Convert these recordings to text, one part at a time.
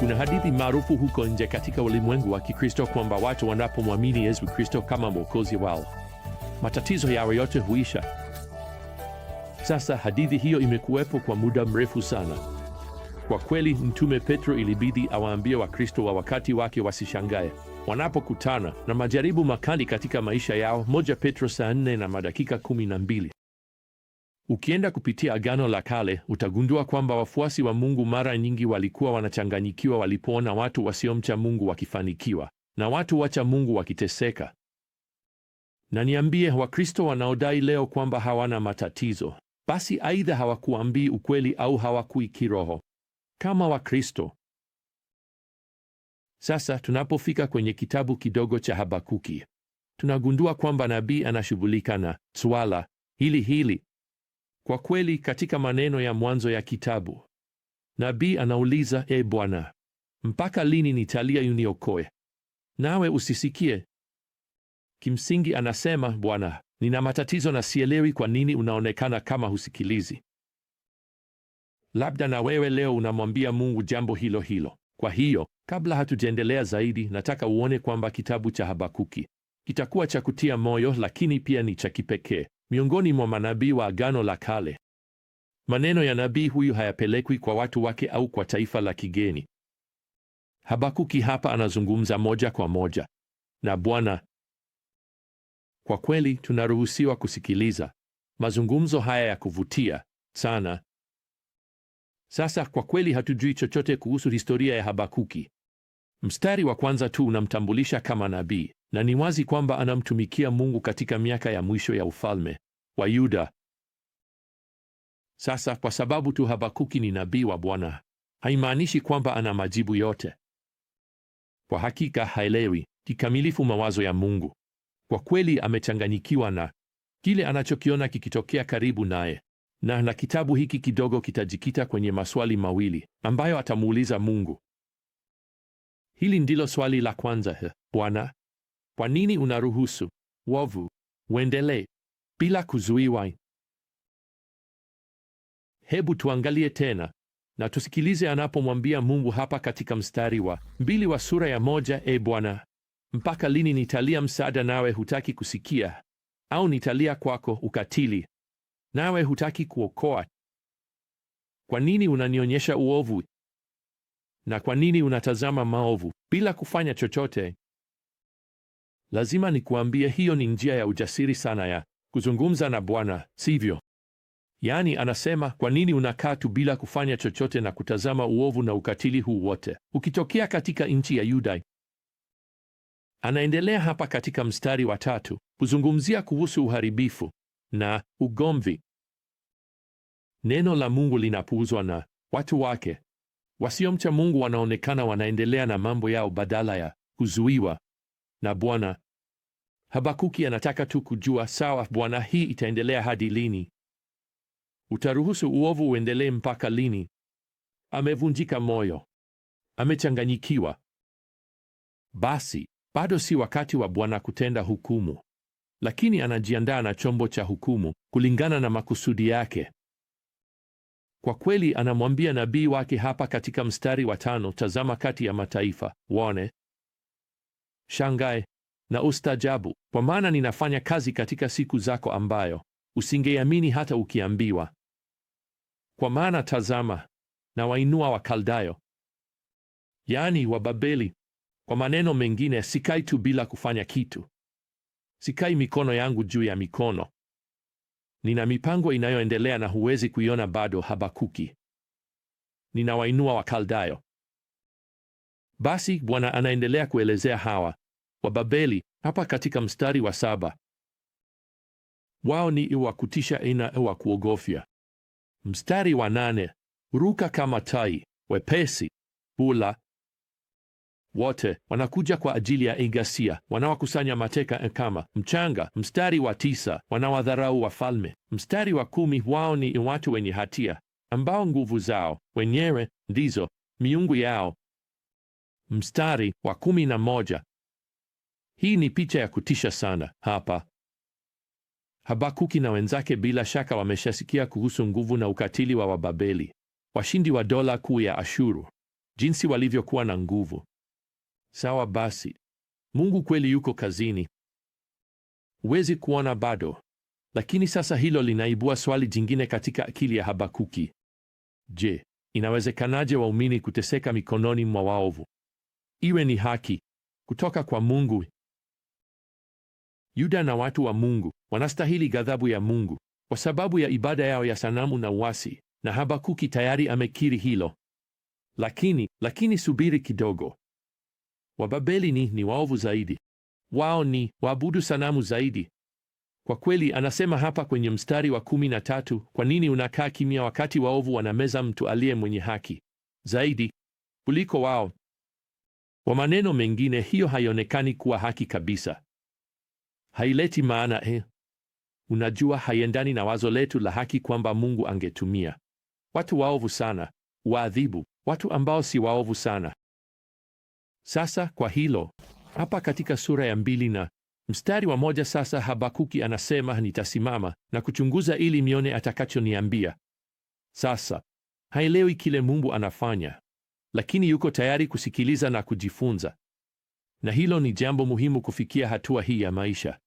Kuna hadithi maarufu huko nje katika ulimwengu wa Kikristo kwamba watu wanapomwamini Yesu Kristo kama mwokozi wao, matatizo yao yote huisha. Sasa hadithi hiyo imekuwepo kwa muda mrefu sana. Kwa kweli, Mtume Petro ilibidi awaambie Wakristo wa wakati wake wasishangae wanapokutana na majaribu makali katika maisha yao. Moja Petro saa nne na madakika kumi na mbili. Ukienda kupitia Agano la Kale utagundua kwamba wafuasi wa Mungu mara nyingi walikuwa wanachanganyikiwa walipoona watu wasiomcha Mungu wakifanikiwa na watu wacha Mungu wakiteseka. Na niambie, Wakristo wanaodai leo kwamba hawana matatizo, basi aidha hawakuambii ukweli au hawakui kiroho kama Wakristo. Sasa tunapofika kwenye kitabu kidogo cha Habakuki tunagundua kwamba nabii anashughulika na swala hili hili. Kwa kweli, katika maneno ya mwanzo ya kitabu, nabii anauliza, E Bwana, mpaka lini nitalia uniokoe nawe usisikie? Kimsingi anasema, Bwana, nina matatizo na sielewi kwa nini unaonekana kama husikilizi. Labda na wewe leo unamwambia Mungu jambo hilo hilo. Kwa hiyo kabla hatujaendelea zaidi, nataka uone kwamba kitabu cha Habakuki kitakuwa cha kutia moyo, lakini pia ni cha kipekee miongoni mwa manabii wa Agano la Kale. Maneno ya nabii huyu hayapelekwi kwa watu wake au kwa taifa la kigeni. Habakuki hapa anazungumza moja kwa moja na Bwana. Kwa kweli tunaruhusiwa kusikiliza mazungumzo haya ya kuvutia sana. Sasa kwa kweli hatujui chochote kuhusu historia ya Habakuki. Mstari wa kwanza tu unamtambulisha kama nabii na ni wazi kwamba anamtumikia Mungu katika miaka ya mwisho ya ufalme wa Yuda. Sasa kwa sababu tu Habakuki ni nabii wa Bwana haimaanishi kwamba ana majibu yote. Kwa hakika haelewi kikamilifu mawazo ya Mungu. Kwa kweli amechanganyikiwa na kile anachokiona kikitokea karibu naye, na na kitabu hiki kidogo kitajikita kwenye maswali mawili ambayo atamuuliza Mungu. Hili ndilo swali la kwanza: Bwana, kwa nini unaruhusu wovu uendelee bila kuzuiwa? Hebu tuangalie tena na tusikilize anapomwambia Mungu hapa katika mstari wa mbili wa sura ya moja. E Bwana, mpaka lini nitalia msaada nawe hutaki kusikia? Au nitalia kwako ukatili nawe hutaki kuokoa? Kwa nini unanionyesha uovu? Na kwa nini unatazama maovu bila kufanya chochote? Lazima nikuambie, hiyo ni njia ya ujasiri sana ya kuzungumza na Bwana, sivyo? Yaani anasema, kwa nini unakaa tu bila kufanya chochote na kutazama uovu na ukatili huu wote ukitokea katika nchi ya Yuda? Anaendelea hapa katika mstari wa tatu kuzungumzia kuhusu uharibifu na ugomvi. Neno la Mungu linapuuzwa na watu wake. Wasiomcha Mungu wanaonekana wanaendelea na mambo yao badala ya kuzuiwa na Bwana. Habakuki anataka tu kujua, sawa Bwana, hii itaendelea hadi lini? Utaruhusu uovu uendelee mpaka lini? Amevunjika moyo, amechanganyikiwa. Basi bado si wakati wa Bwana kutenda hukumu, lakini anajiandaa na chombo cha hukumu kulingana na makusudi yake. Kwa kweli, anamwambia nabii wake hapa katika mstari wa tano, tazama, kati ya mataifa waone shangae na ustajabu kwa maana ninafanya kazi katika siku zako ambayo usingeamini hata ukiambiwa. Kwa maana tazama, na wainua Wakaldayo, yaani Wababeli. Kwa maneno mengine, sikai tu bila kufanya kitu, sikai mikono yangu juu ya mikono. Nina mipango inayoendelea na huwezi kuiona bado, Habakuki. Ninawainua Wakaldayo. Basi Bwana anaendelea kuelezea hawa wa Babeli hapa katika mstari wa saba. Wao ni wa kutisha ina wa kuogofya. Mstari wa nane, ruka kama tai, wepesi, bula. Wote wanakuja kwa ajili ya Ingasia, wanawakusanya mateka kama mchanga. Mstari wa tisa, wanawadharau wafalme. Mstari wa kumi, wao ni watu wenye hatia ambao nguvu zao wenyewe ndizo miungu yao. Mstari wa kumi na moja hii ni picha ya kutisha sana hapa. Habakuki na wenzake bila shaka wameshasikia kuhusu nguvu na ukatili wa Wababeli, washindi wa dola kuu ya Ashuru, jinsi walivyokuwa na nguvu. Sawa basi, Mungu kweli yuko kazini. Huwezi kuona bado, lakini sasa hilo linaibua swali jingine katika akili ya Habakuki. Je, inawezekanaje waumini kuteseka mikononi mwa waovu? Iwe ni haki kutoka kwa Mungu Yuda na watu wa Mungu wanastahili ghadhabu ya Mungu kwa sababu ya ibada yao ya sanamu na uasi, na Habakuki tayari amekiri hilo. Lakini lakini subiri kidogo, Wababeli ni ni waovu zaidi, wao ni waabudu sanamu zaidi. Kwa kweli, anasema hapa kwenye mstari wa kumi na tatu, kwa nini unakaa kimya wakati waovu wanameza mtu aliye mwenye haki zaidi kuliko wao? Kwa maneno mengine, hiyo haionekani kuwa haki kabisa haileti maana eh. Unajua, haiendani na wazo letu la haki kwamba Mungu angetumia watu waovu sana waadhibu watu ambao si waovu sana. Sasa kwa hilo hapa katika sura ya mbili na mstari wa moja sasa Habakuki anasema nitasimama na kuchunguza ili mione atakachoniambia. Sasa haelewi kile Mungu anafanya, lakini yuko tayari kusikiliza na kujifunza na hilo ni jambo muhimu kufikia hatua hii ya maisha.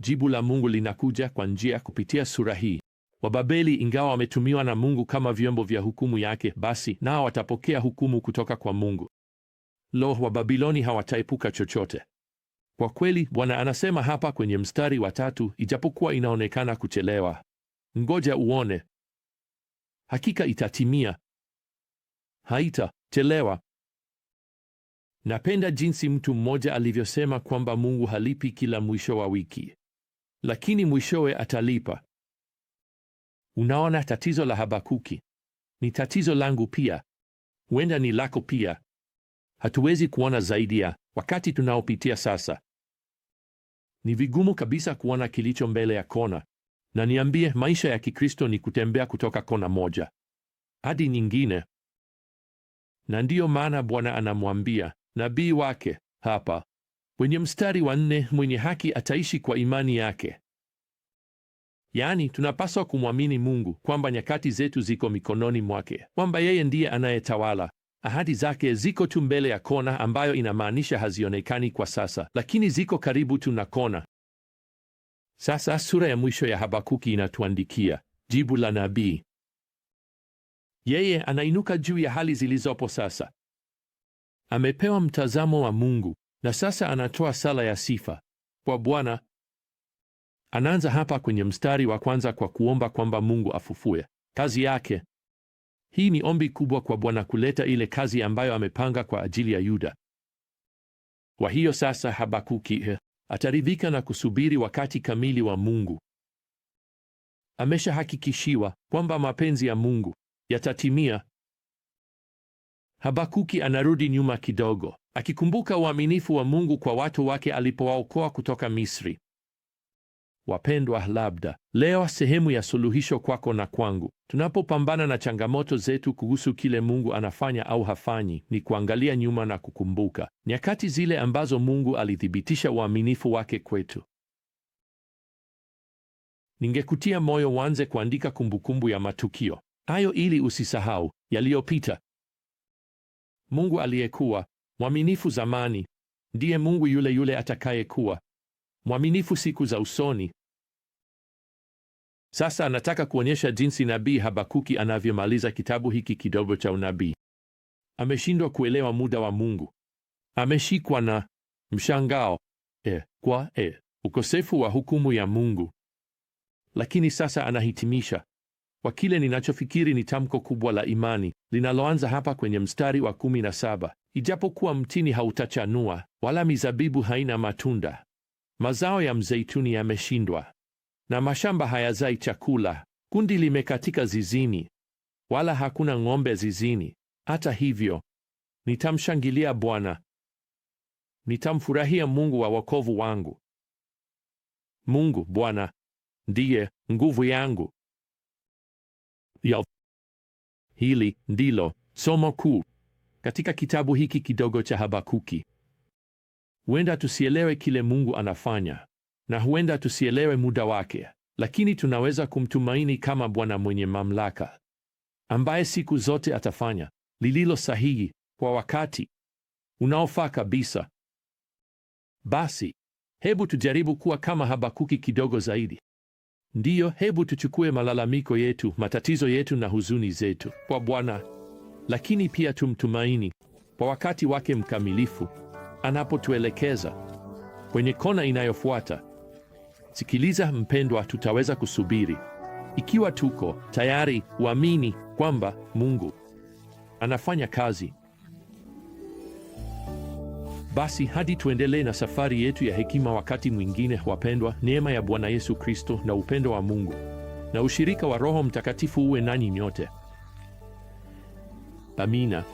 Jibu la Mungu linakuja kwa njia kupitia sura hii. Wababeli, ingawa wametumiwa na Mungu kama vyombo vya hukumu yake, basi nao watapokea hukumu kutoka kwa Mungu. Lo, Wababiloni hawataepuka chochote kwa kweli. Bwana anasema hapa kwenye mstari wa tatu, ijapokuwa inaonekana kuchelewa, ngoja uone, hakika itatimia, haitachelewa. Napenda jinsi mtu mmoja alivyosema kwamba Mungu halipi kila mwisho wa wiki, lakini mwishowe atalipa. Unaona, tatizo la Habakuki ni tatizo langu pia, huenda ni lako pia. Hatuwezi kuona zaidi ya wakati tunaopitia sasa. Ni vigumu kabisa kuona kilicho mbele ya kona, na niambie, maisha ya Kikristo ni kutembea kutoka kona moja hadi nyingine, na ndiyo maana Bwana anamwambia nabii wake hapa kwenye mstari wa nne, mwenye haki ataishi kwa imani yake. Yaani, tunapaswa kumwamini Mungu kwamba nyakati zetu ziko mikononi mwake, kwamba yeye ndiye anayetawala. Ahadi zake ziko tu mbele ya kona, ambayo inamaanisha hazionekani kwa sasa, lakini ziko karibu tu na kona. Sasa sura ya mwisho ya Habakuki inatuandikia jibu la nabii. Yeye anainuka juu ya hali zilizopo sasa amepewa mtazamo wa Mungu na sasa anatoa sala ya sifa kwa Bwana. Anaanza hapa kwenye mstari wa kwanza kwa kuomba kwamba Mungu afufue kazi yake. Hii ni ombi kubwa kwa Bwana kuleta ile kazi ambayo amepanga kwa ajili ya Yuda. Kwa hiyo sasa Habakuki eh, ataridhika na kusubiri wakati kamili wa Mungu. Ameshahakikishiwa kwamba mapenzi ya Mungu yatatimia. Habakuki anarudi nyuma kidogo, akikumbuka uaminifu wa Mungu kwa watu wake alipowaokoa kutoka Misri. Wapendwa, labda leo sehemu ya suluhisho kwako na kwangu, tunapopambana na changamoto zetu kuhusu kile Mungu anafanya au hafanyi, ni kuangalia nyuma na kukumbuka nyakati zile ambazo Mungu alithibitisha uaminifu wake kwetu. Ningekutia moyo uanze kuandika kumbukumbu ya matukio hayo ili usisahau yaliyopita, Mungu aliyekuwa mwaminifu zamani ndiye Mungu yule yule atakayekuwa mwaminifu siku za usoni. Sasa anataka kuonyesha jinsi nabii Habakuki anavyomaliza kitabu hiki kidogo cha unabii. Ameshindwa kuelewa muda wa Mungu, ameshikwa na mshangao e, kwa e, ukosefu wa hukumu ya Mungu. Lakini sasa anahitimisha kwa kile ninachofikiri ni tamko kubwa la imani linaloanza hapa kwenye mstari wa kumi na saba: ijapokuwa mtini hautachanua wala mizabibu haina matunda, mazao ya mzeituni yameshindwa, na mashamba hayazai chakula, kundi limekatika zizini, wala hakuna ng'ombe zizini. Hata hivyo nitamshangilia Bwana, nitamfurahia Mungu wa wokovu wangu. Mungu Bwana ndiye nguvu yangu ya hili ndilo somo kuu katika kitabu hiki kidogo cha Habakuki. Huenda tusielewe kile Mungu anafanya na huenda tusielewe muda wake, lakini tunaweza kumtumaini kama Bwana mwenye mamlaka ambaye siku zote atafanya lililo sahihi kwa wakati unaofaa kabisa. Basi hebu tujaribu kuwa kama Habakuki kidogo zaidi. Ndiyo, hebu tuchukue malalamiko yetu, matatizo yetu na huzuni zetu kwa Bwana, lakini pia tumtumaini kwa wakati wake mkamilifu anapotuelekeza kwenye kona inayofuata. Sikiliza mpendwa, tutaweza kusubiri ikiwa tuko tayari kuamini kwamba Mungu anafanya kazi. Basi hadi tuendelee na safari yetu ya hekima wakati mwingine, wapendwa. Neema ya Bwana Yesu Kristo na upendo wa Mungu na ushirika wa Roho Mtakatifu uwe nanyi nyote. Amina.